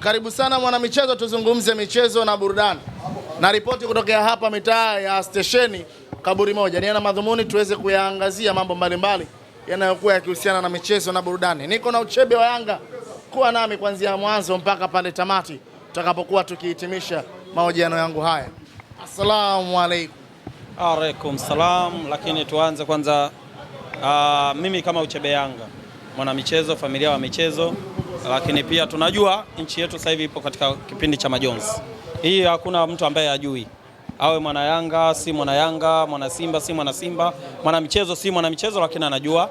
Karibu sana mwanamichezo, tuzungumze michezo na burudani na ripoti kutokea hapa mitaa ya stesheni kaburi moja. na madhumuni tuweze kuyaangazia mambo mbalimbali yanayokuwa yakihusiana na michezo na burudani. Niko na uchebe wa Yanga, kuwa nami kuanzia mwanzo mpaka pale tamati tutakapokuwa tukihitimisha mahojiano yangu haya. Assalamu alaikum. Alaikum salam. Lakini tuanze kwanza, uh, mimi kama uchebe Yanga mwanamichezo, familia wa michezo, lakini pia tunajua nchi yetu sasa hivi ipo katika kipindi cha majonzi. Hii hakuna mtu ambaye ajui awe mwana Yanga si mwana Yanga, mwana Simba si mwana Simba, mwana michezo si mwana michezo, lakini anajua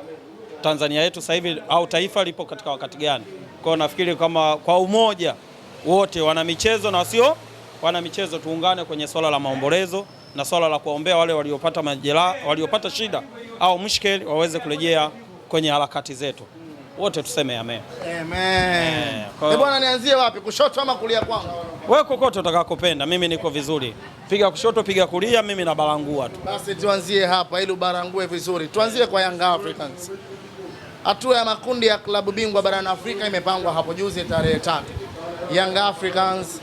Tanzania yetu sasa hivi au taifa lipo katika wakati gani. Kwa nafikiri kama kwa umoja wote wana michezo na wasio wana michezo tuungane kwenye swala la maombolezo na swala la kuwaombea wale waliopata majeraha, waliopata shida au mushkeli waweze kurejea kwenye harakati zetu wote tuseme amen. Amen. Eh, eh, bwana, nianzie wapi, kushoto ama kulia kwangu? Wewe kokote utakakopenda, mimi niko vizuri. Piga kushoto, piga kulia, mimi na barangua tu. Basi tuanzie hapa ili ubarangue vizuri. Tuanzie kwa Young Africans. Hatua ya makundi ya klabu bingwa barani Afrika imepangwa hapo juzi tarehe tatu. Young Africans,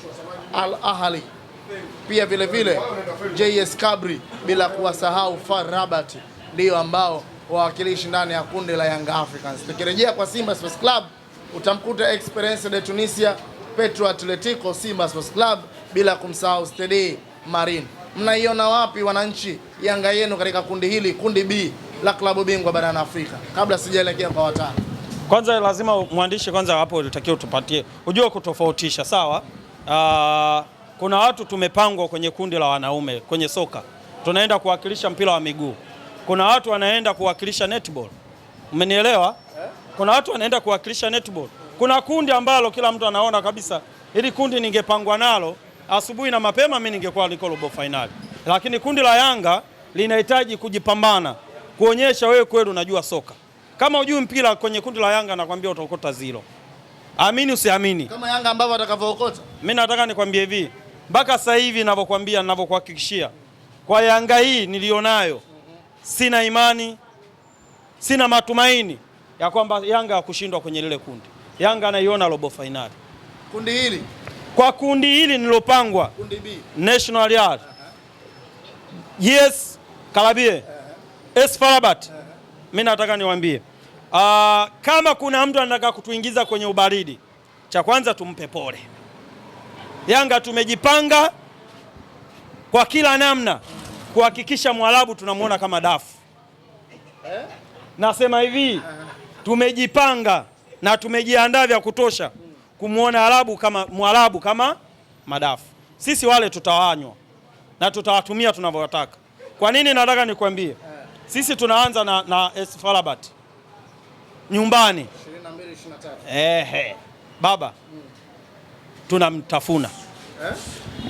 Al Ahli pia vilevile vile, JS Kabri bila kuwasahau FAR Rabat ndio ambao wawakilishi ndani ya kundi la Young Africans. Tukirejea kwa Simba Sports Club utamkuta Experience de Tunisia, Petro Atletico, Simba Sports Club bila kumsahau Stade Marine. Mnaiona wapi wananchi Yanga yenu katika kundi hili, kundi B la klabu bingwa barani Afrika? Kabla sijaelekea kwa watano, kwanza lazima mwandishi kwanza hapo utakiwa utupatie ujue kutofautisha, sawa. Uh, kuna watu tumepangwa kwenye kundi la wanaume kwenye soka, tunaenda kuwakilisha mpira wa miguu kuna watu wanaenda kuwakilisha netball, umenielewa? Eh? Kuna watu wanaenda kuwakilisha netball. Kuna kundi ambalo kila mtu anaona kabisa, ili kundi ningepangwa nalo asubuhi na mapema, mimi ningekuwa liko robo finali, lakini kundi la Yanga linahitaji kujipambana, kuonyesha wewe kweli unajua soka. Kama ujui mpira kwenye kundi la Yanga, nakwambia utaokota zilo, amini usiamini, kama Yanga ambavyo atakavyookota. Mimi nataka nikwambie hivi, mpaka sasa hivi ninavyokuambia, ninavyokuhakikishia, kwa Yanga hii nilionayo sina imani, sina matumaini ya kwamba Yanga ya kushindwa kwenye lile kundi. Yanga anaiona robo fainali kundi hili, kwa kundi hili nilopangwa, kundi B National Real, uh -huh. yes Kalabie uh -huh. es Farabat, uh -huh. mimi nataka niwaambie Uh, kama kuna mtu anataka kutuingiza kwenye ubaridi, cha kwanza tumpe pole. Yanga tumejipanga kwa kila namna kuhakikisha Mwarabu tunamwona kama dafu. Nasema hivi tumejipanga na tumejiandaa vya kutosha kumwona Arabu kama Mwarabu kama madafu. Sisi wale tutawanywa na tutawatumia tunavyotaka. Kwa nini nataka nikwambie? Sisi tunaanza na, na Esfarabat nyumbani 22, 23. Ehe, baba Tunamtafuna eh?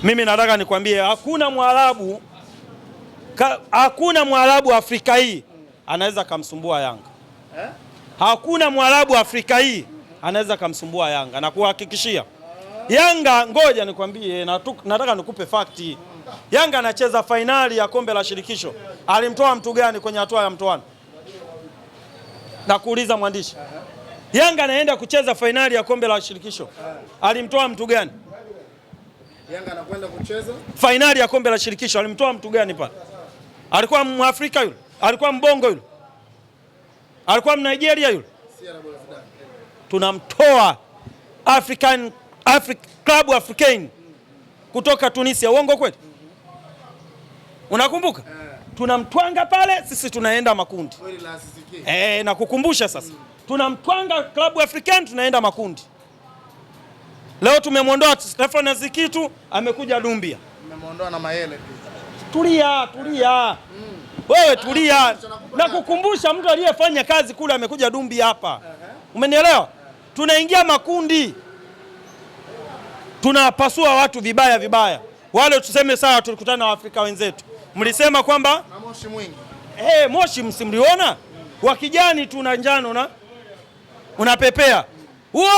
Mimi nataka nikwambie hakuna Mwarabu Hakuna mwarabu Afrika hii anaweza kumsumbua Yanga, eh? hakuna mwarabu Afrika hii anaweza kumsumbua Yanga na kuhakikishia Yanga. Ngoja nikwambie, nataka nikupe fakti. Yanga anacheza fainali ya kombe la shirikisho, alimtoa mtu gani kwenye hatua ya mtoano? Nakuuliza mwandishi, Yanga anaenda kucheza fainali ya kombe la shirikisho, alimtoa mtu gani? Yanga anakwenda kucheza fainali ya kombe la shirikisho, alimtoa mtu gani pale? Alikuwa Mwafrika yule? Alikuwa Mbongo yule? Alikuwa Mnigeria yule? Tunamtoa African Afri, Club African kutoka Tunisia. Uongo kweli? Unakumbuka? Tunamtwanga pale, sisi tunaenda makundi e, eh, na kukumbusha sasa, tunamtwanga Club african tunaenda makundi. Leo tumemwondoa Stefan Azikitu, amekuja Dumbia, tumemwondoa na Mayele pia tulia, tulia wewe tulia, nakukumbusha mtu aliyefanya kazi kule amekuja dumbi hapa, umenielewa? Tunaingia makundi, tunapasua watu vibaya vibaya. Wale tuseme sawa, tulikutana na Waafrika wenzetu, mlisema kwamba moshi mwingi. Hey, moshi msimliona wa kijani, tuna njano na unapepea huo.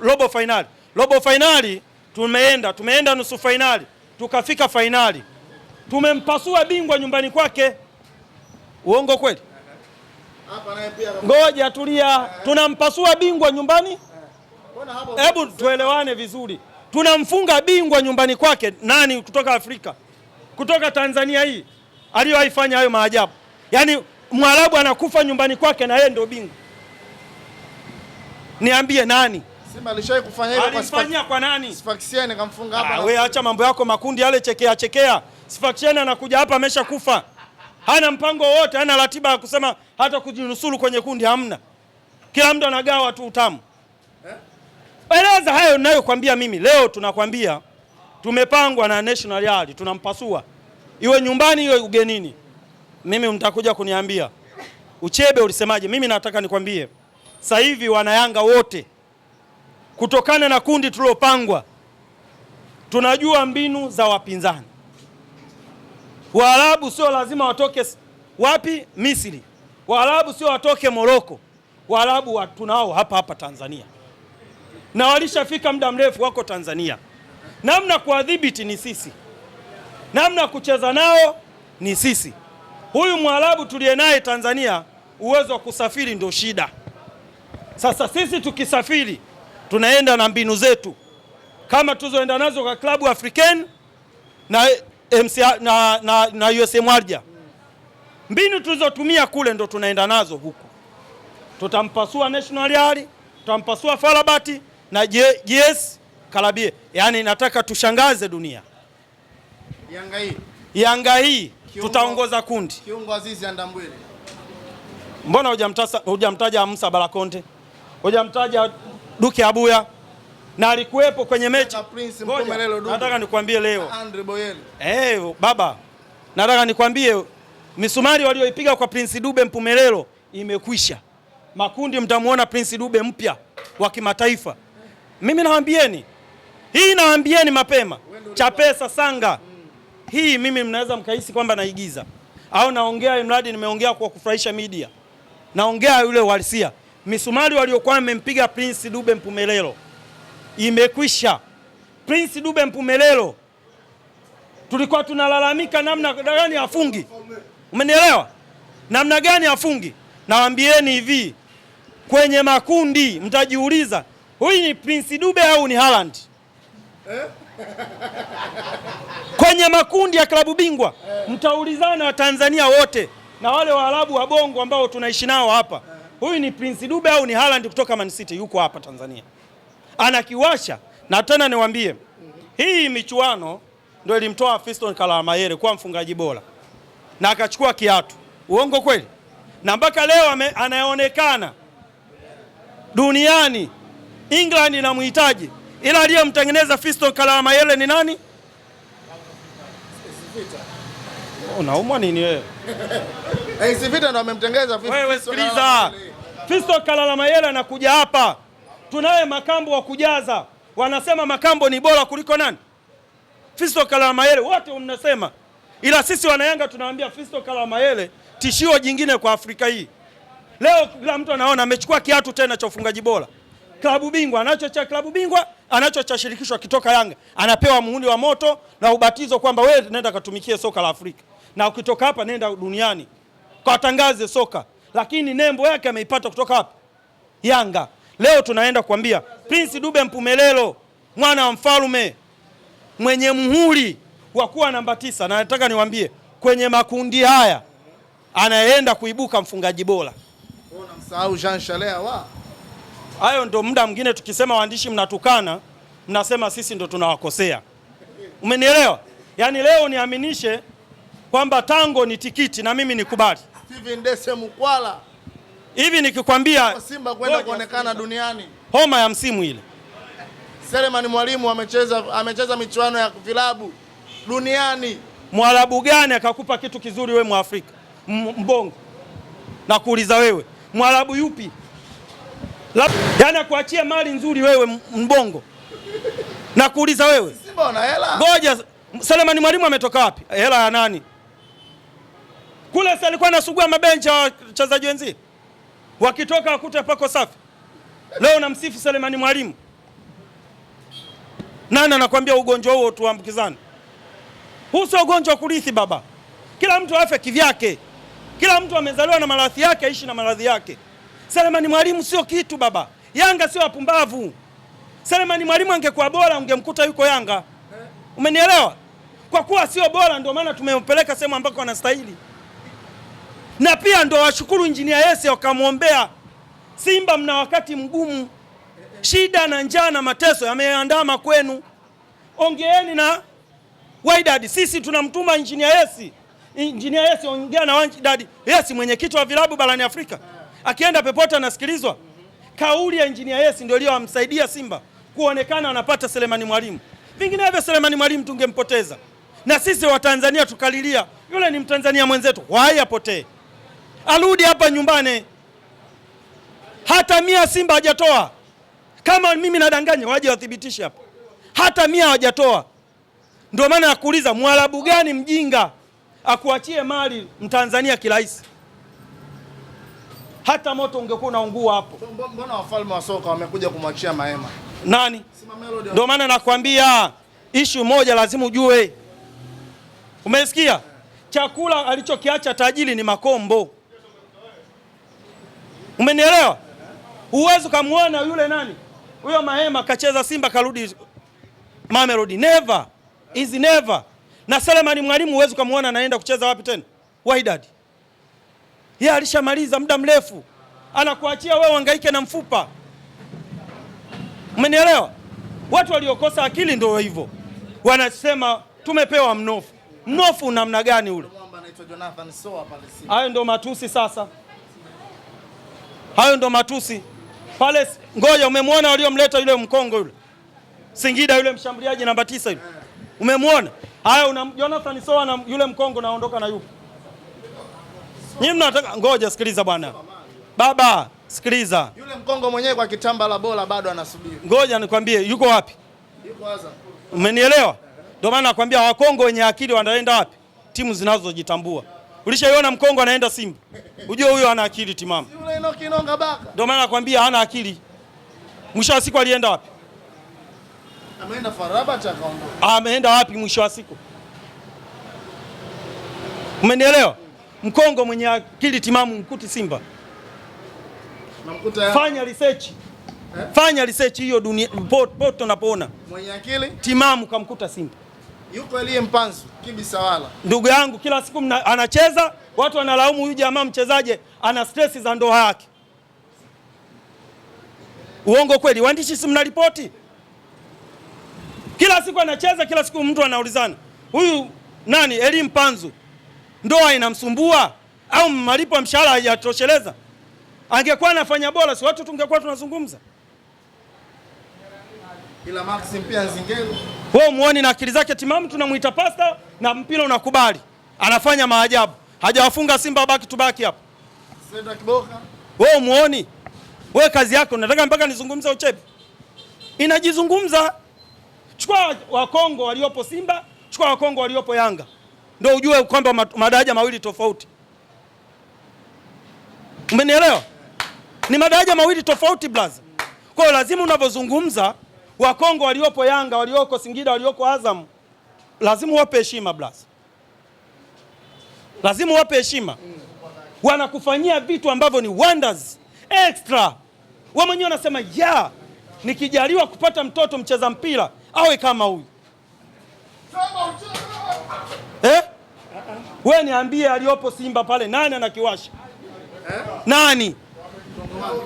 Robo fainali, robo fainali tumeenda, tumeenda nusu fainali, tukafika fainali tumempasua bingwa nyumbani kwake. Uongo kweli? Ngoja tulia, tunampasua bingwa nyumbani. Hebu tuelewane vizuri, tunamfunga bingwa nyumbani kwake. Nani kutoka Afrika, kutoka Tanzania hii aliyoifanya hayo maajabu? Yaani mwarabu anakufa nyumbani kwake na yeye ndio bingwa. Niambie nani alifanyia kwa nani? Ah, wewe acha mambo yako makundi yale chekea chekea. Sfaxien anakuja hapa ameshakufa, hana mpango wote, hana ratiba ya kusema hata kujinusuru kwenye kundi, hamna. Kila mtu anagawa tu utamu. Eleza hayo ninayokwambia mimi leo. Tunakwambia tumepangwa na National Yard, tunampasua iwe nyumbani iwe ugenini. Mimi mtakuja kuniambia Uchebe ulisemaje? Mimi nataka nikwambie sasa hivi wanayanga wote kutokana na kundi tuliopangwa tunajua mbinu za wapinzani. Waarabu sio lazima watoke wapi? Misri. Waarabu sio watoke Moroko. Waarabu tunao hapa hapa Tanzania na walishafika muda mrefu, wako Tanzania. Namna kuwadhibiti ni sisi, namna kucheza nao ni sisi. Huyu mwarabu tuliye naye Tanzania, uwezo wa kusafiri ndio shida. Sasa sisi tukisafiri, tunaenda na mbinu zetu kama tuzoenda nazo kwa klabu African na MCA na, na, na USM Arja. Mbinu tulizotumia kule ndo tunaenda nazo huku, tutampasua National Yali, tutampasua Farabati na JS Karabie. Yaani nataka tushangaze dunia. Yanga hii, Yanga hii tutaongoza kundi. Kiungo Azizi Andambwile. Mbona hujamtaja Musa Balakonte? Hujamtaja Duke Abuya? na alikuwepo kwenye mechi. Nataka nikwambie leo eh, baba, nataka nikwambie misumari walioipiga kwa Prince Dube Mpumelelo imekwisha. Makundi mtamuona Prince Dube mpya wa kimataifa. Mimi nawaambieni hii, nawaambieni mapema, Chapesa Sanga hii mimi mnaweza mkahisi kwamba naigiza au naongea imradi nimeongea kwa kufurahisha media, naongea yule uhalisia. Misumari waliokuwa mmempiga Prince Dube Mpumelelo imekwisha. Prince Dube Mpumelelo tulikuwa tunalalamika namna gani afungi, umenielewa? Namna gani afungi? Nawaambieni hivi, kwenye makundi mtajiuliza, huyu ni Prince Dube au ni Haaland eh? kwenye makundi ya klabu bingwa eh. mtaulizana Watanzania wote na wale Waarabu wa Bongo ambao tunaishi nao hapa, eh. huyu ni Prince Dube au ni Haaland kutoka Man City, yuko hapa Tanzania anakiwasha. Na tena niwaambie, hii michuano ndio ilimtoa Fiston Kalamayere kuwa mfungaji bora na akachukua kiatu. Uongo kweli? Na mpaka leo anaonekana duniani England inamhitaji, ila aliyemtengeneza Fiston Kalamayere ni nani? Unaumwa nini wewe? Wewe sikiliza, Fiston Kalamayere anakuja hapa Tunaye makambo wa kujaza, wanasema makambo ni bora kuliko nani? Fisto Kalamayele, wote mnasema, ila sisi wanayanga tunaambia Fisto Kalamayele tishio jingine kwa Afrika hii. Leo kila mtu anaona amechukua kiatu tena cha ufungaji bora, klabu bingwa anacho cha klabu bingwa anacho cha shirikisho, akitoka Yanga anapewa muhuri wa moto na ubatizo kwamba wewe nenda katumikie soka la Afrika na ukitoka hapa nenda duniani kawatangaze soka, lakini nembo yake ameipata kutoka hapa Yanga. Leo tunaenda kuambia Prince Dube Mpumelelo, mwana wa mfalme mwenye muhuri wa kuwa namba tisa, na nataka niwaambie kwenye makundi haya anaenda kuibuka mfungaji bora. Unamsahau Jean Chalea wa hayo ndo muda mwingine tukisema waandishi mnatukana, mnasema sisi ndo tunawakosea. Umenielewa? Yaani leo niaminishe kwamba tango ni tikiti na mimi nikubali. Steven Dese Mkwala hivi nikikwambia Simba kwenda kuonekana duniani, homa ya msimu ile. Selemani Mwalimu amecheza amecheza michuano ya vilabu duniani. Mwarabu gani akakupa kitu kizuri wewe Mwafrika mbongo? Na kuuliza wewe Mwarabu yupi yaani akuachia mali nzuri wewe mbongo? Na kuuliza wewe Simba ana hela. Ngoja, Selemani Mwalimu ametoka wapi? Hela ya nani? Kule alikuwa anasugua mabenchi ya wachezaji wenzie wakitoka wakuta pako safi. Leo namsifu Selemani Mwalimu, nani anakuambia ugonjwa huo tuambukizane? Huu sio ugonjwa wa kurithi baba, kila mtu afe kivyake, kila mtu amezaliwa na maradhi yake, aishi na maradhi yake. Selemani Mwalimu sio kitu baba, Yanga sio wapumbavu. Selemani Mwalimu angekuwa bora ungemkuta yuko Yanga, umenielewa? Kwa kuwa sio bora, ndio maana tumempeleka sehemu ambako anastahili na pia ndo washukuru injinia Hersi wakamwombea. Simba mna wakati mgumu, shida na njaa na mateso yameandama kwenu, ongeeni na Wydad. Sisi tunamtuma injinia Yesi. injinia Yesi, ongea na Wydad. Hersi mwenyekiti wa vilabu barani Afrika, akienda popote anasikilizwa. Kauli ya injinia Hersi ndio iliyomsaidia Simba kuonekana anapata Selemani Mwalimu, vinginevyo Selemani Mwalimu tungempoteza, na sisi Watanzania tukalilia, yule ni Mtanzania mwenzetu, wai apotee arudi hapa nyumbani. Hata mia Simba hajatoa. Kama mimi nadanganya, waje wathibitishe hapa, hata mia hawajatoa. Ndio maana nakuuliza, mwarabu gani mjinga akuachie mali mtanzania kirahisi? Hata moto ungekuwa unaungua hapo. Mbona wafalme wa soka wamekuja kumwachia mahema nani? Ndio maana nakwambia ishu moja lazima ujue, umesikia? Eh. Chakula alichokiacha tajiri ni makombo. Umenielewa? Huwezi ukamwona yule nani huyo Mahema kacheza Simba karudi Mamelodi, never is never. Na Selemani Mwalimu huwezi ukamwona anaenda kucheza wapi tena Wydad. Yeye alishamaliza muda mrefu, anakuachia wewe uhangaike na mfupa. Umenielewa? Watu waliokosa akili ndio hivyo, wanasema tumepewa mnofu. Mnofu namna gani ule? Hayo ndio matusi sasa. Hayo ndo matusi pale. Ngoja, umemwona waliomleta yule mkongo yule Singida yule mshambuliaji namba tisa yule umemwona? Haya, una Jonathan Soa na yule mkongo naondoka na yupo nyinyi mnataka. Ngoja sikiliza bwana, baba sikiliza, yule mkongo mwenyewe kwa kitamba la bola bado anasubiri. Ngoja nikwambie yuko wapi, yuko Azam. Umenielewa? Ndio maana nakwambia wakongo wenye akili wanaenda wapi? Timu zinazojitambua. Ulishaiona mkongo anaenda Simba? Ujue huyo ana akili timamu. Ndio maana nakwambia hana akili. Mwisho wa siku alienda wapi? Ameenda cha akaondoka. Ah, ameenda wapi mwisho wa siku? Umenielewa? Mkongo mwenye akili timamu mkuti Simba. Fanya research. Eh? Fanya research hiyo dunia poto napoona. Mwenye akili timamu kamkuta Simba yuko aliye Mpanzu kibisawala, ndugu yangu, kila siku mna, anacheza watu wanalaumu huyu jamaa mchezaje, ana stress za ndoa yake. Uongo kweli? Waandishi si ripoti kila siku anacheza, kila siku mtu anaulizana huyu nani Eli Mpanzu, ndoa inamsumbua au malipo ya mshahara hayatosheleza? Angekuwa anafanya bora, si watu tungekuwa tunazungumza. Ila Maxim pia Nzingeli wewe umuone na akili zake timamu, tunamwita pasta na mpira unakubali, anafanya maajabu, hajawafunga Simba baki tu baki hapo. Senda Kiboka, wewe umuone, wewe kazi yako unataka mpaka nizungumze uchepi, inajizungumza. Chukua wakongo waliopo Simba, chukua wakongo waliopo Yanga, ndio ujue kwamba madaraja mawili tofauti. Umenielewa? Ni madaraja mawili tofauti blaza. Kwa hiyo lazima unavyozungumza Wakongo waliopo Yanga, walioko Singida, walioko Azam, lazima wape heshima blas, lazima wape heshima. Wanakufanyia vitu ambavyo ni wonders extra. Wao wenyewe wanasema ya, nikijaliwa kupata mtoto mcheza mpira awe kama huyu eh? We niambie, aliyopo Simba pale nani anakiwasha eh? nani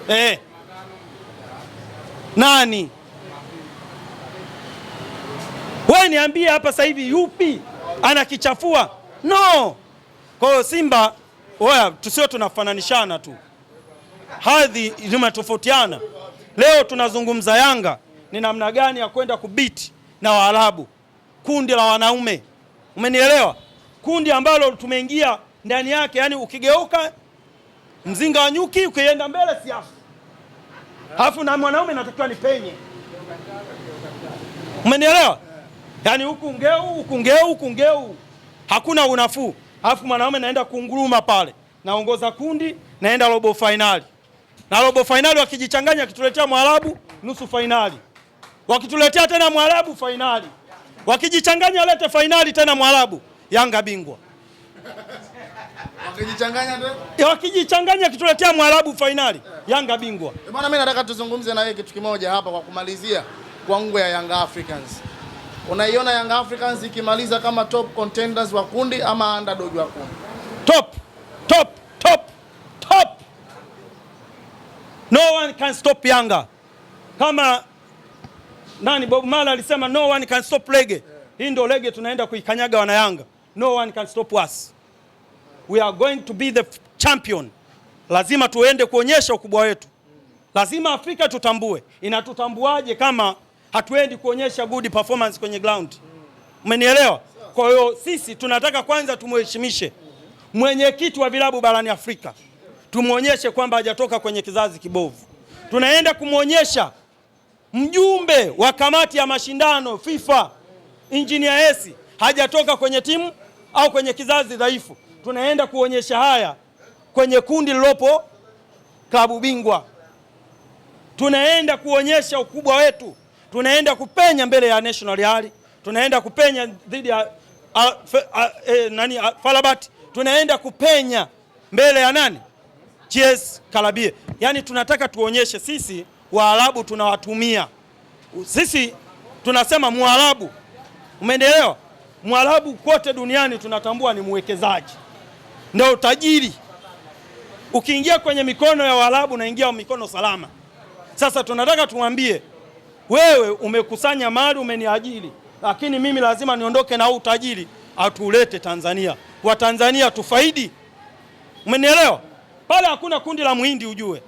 eh? nani wewe niambie hapa sasa hivi yupi anakichafua? No. Kwa hiyo Simba, oya, tusio tunafananishana tu, hadhi zinatofautiana. Leo tunazungumza Yanga ni namna gani ya kwenda kubiti na Waarabu, kundi la wanaume, umenielewa? Kundi ambalo tumeingia ndani yake, yani ukigeuka mzinga wa nyuki, ukienda mbele siafu, halafu na mwanaume natakiwa ni penye, umenielewa? yaani huku ngeu huku ngeu huku ngeu, hakuna unafuu. Alafu mwanaume naenda kunguruma pale, naongoza kundi, naenda robo fainali, na robo fainali wakijichanganya, wakituletea mwarabu nusu fainali, wakituletea tena mwarabu fainali, wakijichanganya lete fainali tena mwarabu, Yanga bingwa wakijichanganya wakijichanganya kituletea mwarabu fainali Yanga bingwa. Bwana, mimi nataka tuzungumze na wewe kitu kimoja hapa kwa kumalizia, kwa ngwe ya Yanga Africans. Unaiona Young Africans ikimaliza kama top contenders wa kundi ama underdog wa kundi. Top, top, top, top. No one can stop Yanga. Kama nani Bob Mala alisema no one can stop Lege. Hii ndio Lege tunaenda kuikanyaga wana Yanga. No one can stop us. We are going to be the champion. Lazima tuende kuonyesha ukubwa wetu. Lazima Afrika tutambue. Inatutambuaje kama hatuendi kuonyesha good performance kwenye ground. Umenielewa? Kwa hiyo sisi tunataka kwanza tumuheshimishe mwenyekiti wa vilabu barani Afrika, tumwonyeshe kwamba hajatoka kwenye kizazi kibovu. Tunaenda kumwonyesha mjumbe wa kamati ya mashindano FIFA Engineer Esi hajatoka kwenye timu au kwenye kizazi dhaifu. Tunaenda kuonyesha haya kwenye kundi lilopo klabu bingwa, tunaenda kuonyesha ukubwa wetu tunaenda kupenya mbele ya National Hali, tunaenda kupenya dhidi ya e, nani Falabat, tunaenda kupenya mbele ya nani Chies Kalabie. Yani tunataka tuonyeshe sisi Waarabu tunawatumia sisi, tunasema Mwarabu, umeendelewa Mwarabu kote duniani tunatambua ni mwekezaji, ndio utajiri Ukiingia kwenye mikono ya Waarabu unaingia mikono salama. Sasa tunataka tuwambie wewe umekusanya mali, umeniajiri, lakini mimi lazima niondoke na utajiri atulete Tanzania, Watanzania tufaidi. Umenielewa? Pale hakuna kundi la muhindi ujue,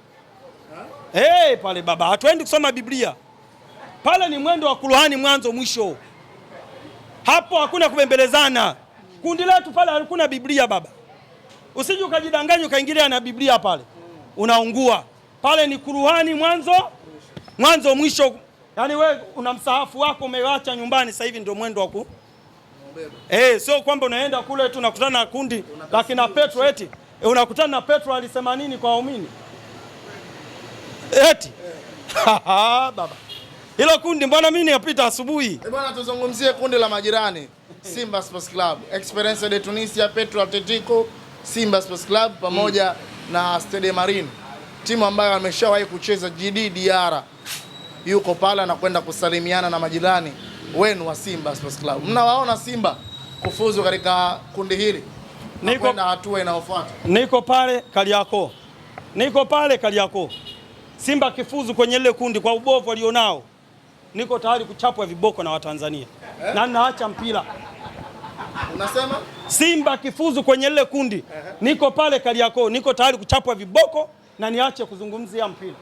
hey, pale baba hatuendi kusoma Biblia pale ni mwendo wa kuruhani mwanzo mwisho. Hapo hakuna kubembelezana. Kundi letu pale hakuna Biblia baba, usije ukajidanganya ukaingilia na Biblia pale, unaungua. Pale ni kuruhani mwanzo mwanzo mwisho, Yaani wewe una msahafu wako umewacha nyumbani sasa hivi ndio mwendo wa ku Eh, sio kwamba unaenda kule tu unakutana na kundi la kina Petro eti e, unakutana na Petro alisema nini kwa waumini? Eti eh. ah, baba hilo kundi mbona mimi nikapita asubuhi. Eh, bwana, tuzungumzie kundi la majirani Simba Sports Club, Experience de Tunisia, Petro Atletico, Simba Sports Club pamoja mm. na Stade Marine, timu ambayo ameshawahi kucheza GD Diarra yuko pale anakwenda kusalimiana na majirani wenu wa Simba Sports Club. Mnawaona Simba kufuzu katika kundi hili na hatua inayofuata. Niko pale Kariakoo, niko pale Kariakoo. Simba kifuzu kwenye lile kundi kwa ubovu walionao, niko tayari kuchapwa viboko na Watanzania eh? na naacha mpira Unasema? Simba kifuzu kwenye lile kundi, eh? niko pale Kariakoo, niko tayari kuchapwa viboko na niache kuzungumzia mpira.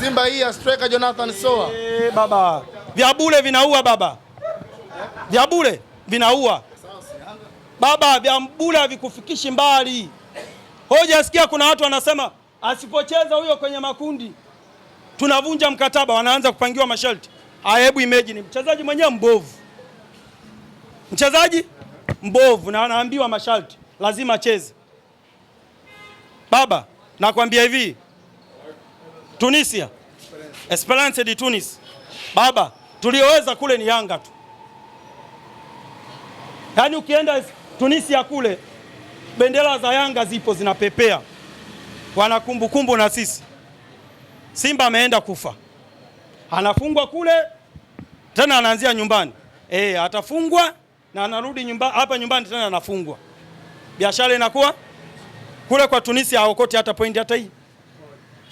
Simba hii ya striker Jonathan Soa. Eee, eh, baba. Vya bure vinaua baba. Vya bure vinaua. Baba, vya bure havikufikishi mbali. Hoja sikia, kuna watu wanasema asipocheza huyo kwenye makundi tunavunja mkataba, wanaanza kupangiwa masharti. Ah, hebu imagine mchezaji mwenyewe mbovu, mchezaji mbovu na anaambiwa masharti lazima acheze. Baba, nakwambia hivi Tunisia, Esperance de Tunis. Baba, tulioweza kule ni Yanga tu. Yaani ukienda Tunisia kule bendera za Yanga zipo zinapepea, wana kumbukumbu na sisi. Simba ameenda kufa, anafungwa kule tena, anaanzia nyumbani e, atafungwa na anarudi nyumba, hapa nyumbani tena anafungwa. Biashara inakuwa kule kwa Tunisia haokoti hata pointi hata hii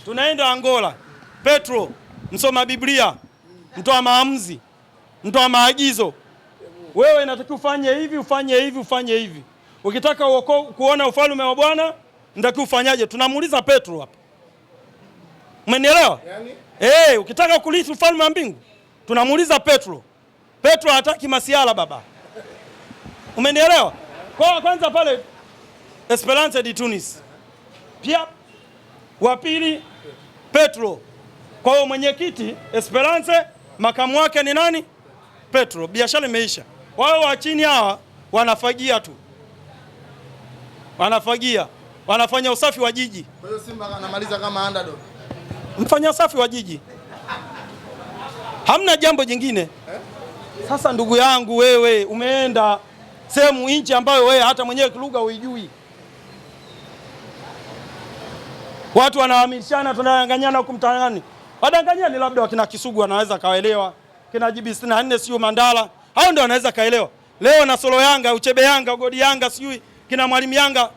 tunaenda Angola. Petro msoma Biblia, mtoa maamuzi, mtoa maagizo. Wewe inatakiwa ufanye hivi, ufanye hivi, ufanye hivi. Ukitaka uoko, kuona ufalme wa Bwana nitakiwa ufanyaje? Tunamuuliza Petro hapa, umenielewa? Yani? Hey, eh, ukitaka kulithi ufalme wa mbingu tunamuuliza Petro. Petro hataki masiala baba, umenielewa? Kwa kwanza pale Esperance de Tunis pia wa pili Petro. Kwa hiyo mwenyekiti Esperance, makamu wake ni nani? Petro. Biashara imeisha. Wao wa chini hawa wanafagia tu, wanafagia, wanafanya usafi wa jiji. Kwa hiyo Simba anamaliza kama underdog, mfanya usafi wa jiji, hamna jambo jingine eh? Sasa ndugu yangu, wewe umeenda sehemu nchi ambayo wewe hata mwenyewe lugha huijui. Watu wanahamishana, tunadanganyana huku mtaani. Wadanganyani labda wakina Kisugu wanaweza kaelewa, kina jibi 64 sio Mandala, hao ndio wanaweza kaelewa. Leo na Solo Yanga, Uchebe Yanga, Ugodi Yanga, sijui kina Mwalimu Yanga,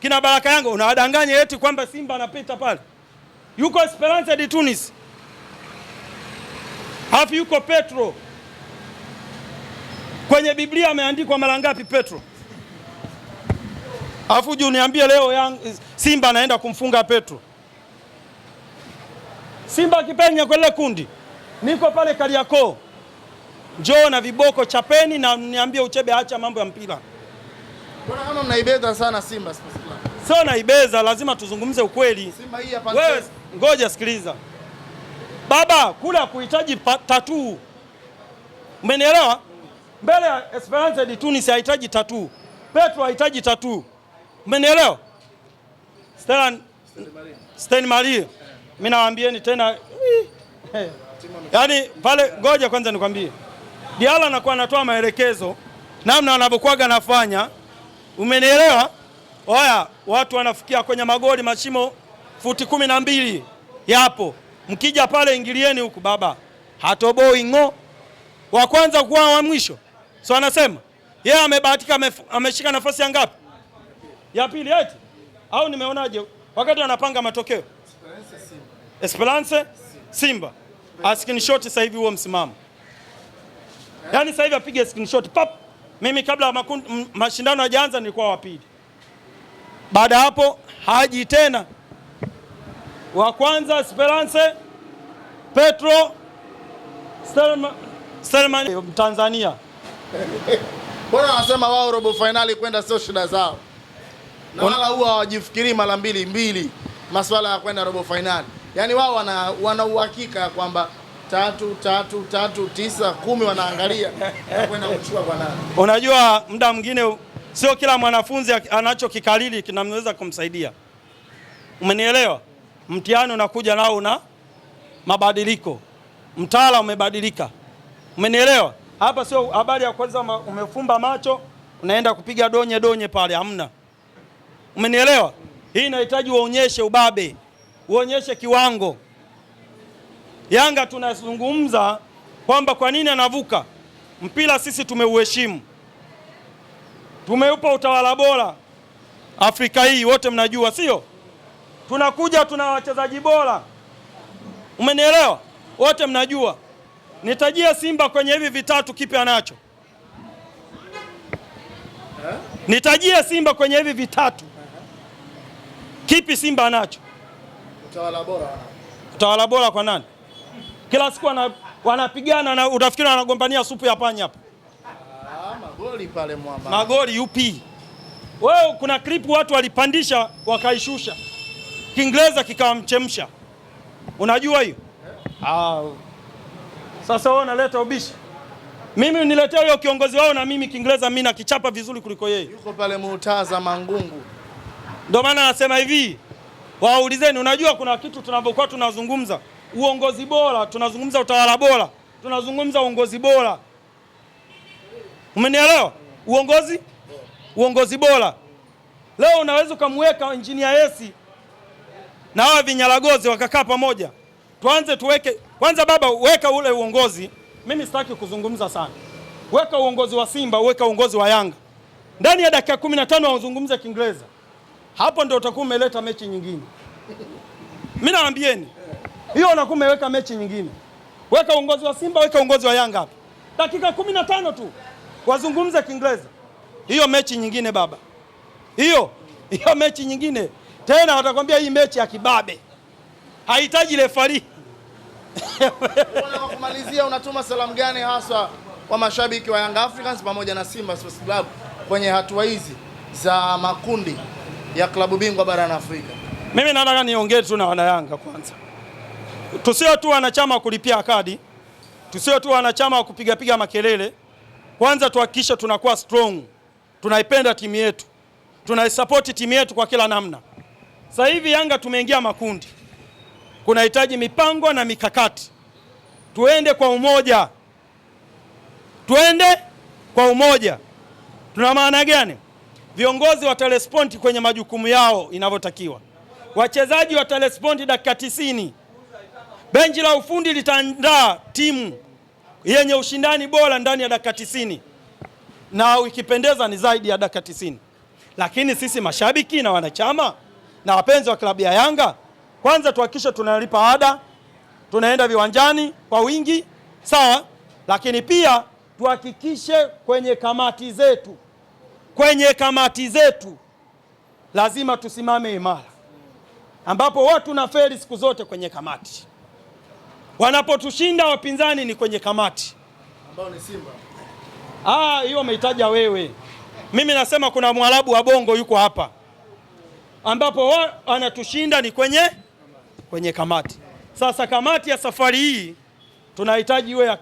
kina Baraka Yanga, unawadanganya eti kwamba Simba anapita pale. Yuko Esperance de Tunis. Hafu yuko Petro. Kwenye Biblia ameandikwa mara ngapi Petro? Alafu uniambie leo yang, Simba anaenda kumfunga Petro. Simba akipenya kwele kundi, niko pale Kariakoo, njoo na viboko chapeni na niambie Uchebe acha mambo ya mpira. Mbona kama mnaibeza sana Simba Sports Club? Sio naibeza, lazima tuzungumze ukweli. Simba hii hapa. Wewe ngoja sikiliza baba, kule hakuhitaji tatuu, umenielewa? Mbele ya Esperance de Tunis hahitaji tatuu, Petro hahitaji tatuu. Umenielewa? Stella Stein Marie. mimi nawaambieni tena yaani pale, ngoja kwanza nikwambie, Diala anakuwa anatoa maelekezo namna anavyokuwaga anafanya, umenielewa? Oya, watu wanafikia kwenye magoli mashimo futi kumi na mbili yapo, mkija pale ingilieni huku, baba hatoboi ng'o, wa kwanza kuwa wa mwisho. So anasema yeye amebahatika, ameshika nafasi ya ngapi? ya pili eti au nimeonaje? Wakati anapanga matokeo Esperance Simba askrinshot sasa hivi huo msimamo, yaani sasa hivi apige screenshot pap. Mimi kabla ya mashindano hajaanza nilikuwa wa pili, baada hapo haji tena wa kwanza Esperance Petro Stelma, Tanzania. Bwana anasema wao robo finali kwenda sio shida zao na wala huwa hawajifikirii mara mbili mbili masuala ya kwenda robo fainali. Yaani wao wana wana uhakika kwamba tatu tatu tatu tisa kumi wanaangalia na kwenda kuchukua kwa nani. Unajua, muda mwingine sio kila mwanafunzi anachokikalili kinamweza kumsaidia. Umenielewa? Mtihani unakuja nao una mabadiliko, mtaala umebadilika. Umenielewa? Hapa sio habari ya kwanza umefumba macho unaenda kupiga donye donye pale, hamna. Umenielewa? Hii inahitaji uonyeshe ubabe, uonyeshe kiwango. Yanga tunazungumza kwamba kwa nini anavuka mpira, sisi tumeuheshimu, tumeupa utawala bora Afrika hii, wote mnajua, sio? Tunakuja tuna wachezaji bora, umenielewa? Wote mnajua. Nitajie Simba kwenye hivi vitatu, kipi anacho? Nitajie Simba kwenye hivi vitatu Kipi Simba anacho? Utawala bora. Utawala bora kwa nani? Kila siku wanapigana na utafikiri wanagombania supu ya panya hapa. Ah, magoli pale mwamba. Magoli upi? Wewe kuna clip watu walipandisha wakaishusha. Kiingereza kikawamchemsha. Unajua hiyo? Eh. Ah. Sasa wewe unaleta ubishi. Mimi niletea huyo kiongozi wao na mimi Kiingereza mimi nakichapa vizuri kuliko yeye. Yuko pale Murtaza Mangungu. Ndio maana nasema hivi, waulizeni. Unajua kuna kitu tunavyokuwa tunazungumza uongozi bora, tunazungumza utawala bora, tunazungumza uongozi bora. Umenielewa? Uongozi uongozi bora. Leo unaweza ukamweka injinia Hersi na hawa vinyalagozi wakakaa pamoja, tuanze tuweke kwanza, baba weka ule uongozi. Mimi sitaki kuzungumza sana, weka uongozi wa Simba, weka uongozi wa Yanga, ndani ya dakika 15 wazungumze Kiingereza hapo ndio utakuwa umeleta mechi nyingine. Mimi naambieni hiyo, unakuwa umeweka mechi nyingine. Weka uongozi wa Simba, weka uongozi wa Yanga hapo, dakika kumi na tano tu wazungumze Kiingereza. Hiyo mechi nyingine baba, hiyo hiyo mechi nyingine tena, watakwambia hii mechi ya kibabe hahitaji refari. kumalizia, unatuma salamu gani haswa kwa mashabiki wa Young Africans pamoja na Simba Sports Club kwenye hatua hizi za makundi? ya klabu bingwa barani Afrika. Mimi nataka niongee tu na wanayanga kwanza, tusio tu wanachama wa kulipia kadi, tusio tu wanachama wa kupigapiga makelele. Kwanza tuhakikisha tunakuwa strong, tunaipenda timu yetu, tunaisapoti timu yetu kwa kila namna. Sasa hivi Yanga tumeingia makundi, kunahitaji mipango na mikakati. Tuende kwa umoja, tuende kwa umoja. Tuna maana gani? viongozi watarespondi kwenye majukumu yao inavyotakiwa, wachezaji watarespondi dakika tisini, benchi la ufundi litaandaa timu yenye ushindani bora ndani ya dakika tisini na ikipendeza ni zaidi ya dakika tisini. Lakini sisi mashabiki na wanachama na wapenzi wa klabu ya Yanga, kwanza tuhakikishe tunalipa ada, tunaenda viwanjani kwa wingi, sawa. Lakini pia tuhakikishe kwenye kamati zetu kwenye kamati zetu lazima tusimame imara, ambapo watu na feri siku zote kwenye kamati. Wanapotushinda wapinzani ni kwenye kamati ambao ni Simba. Ah, hiyo umeitaja wewe. Mimi nasema kuna mwarabu wa bongo yuko hapa, ambapo wanatushinda ni kwenye kwenye kamati. Sasa kamati ya safari hii tunahitaji iwe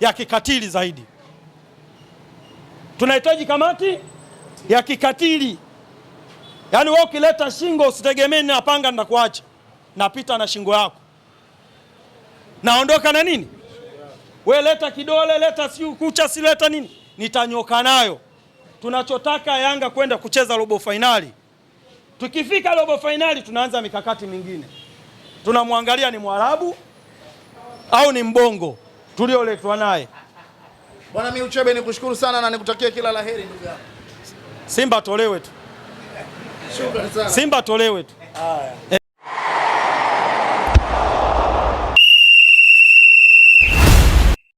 ya kikatili zaidi tunahitaji kamati ya kikatili. Yaani wewe ukileta shingo usitegemee na panga nitakuacha, napita na shingo yako naondoka na nini. We leta kidole, leta siu kucha, si leta nini, nitanyoka nayo. Tunachotaka Yanga kwenda kucheza robo fainali. Tukifika robo fainali, tunaanza mikakati mingine, tunamwangalia ni Mwarabu au ni mbongo tulioletwa naye. Bwana mimi Uchebe nikushukuru sana na nikutakia kila la heri ndugu yangu. Simba tolewe tu. Shukrani sana. Simba tolewe tu. Haya.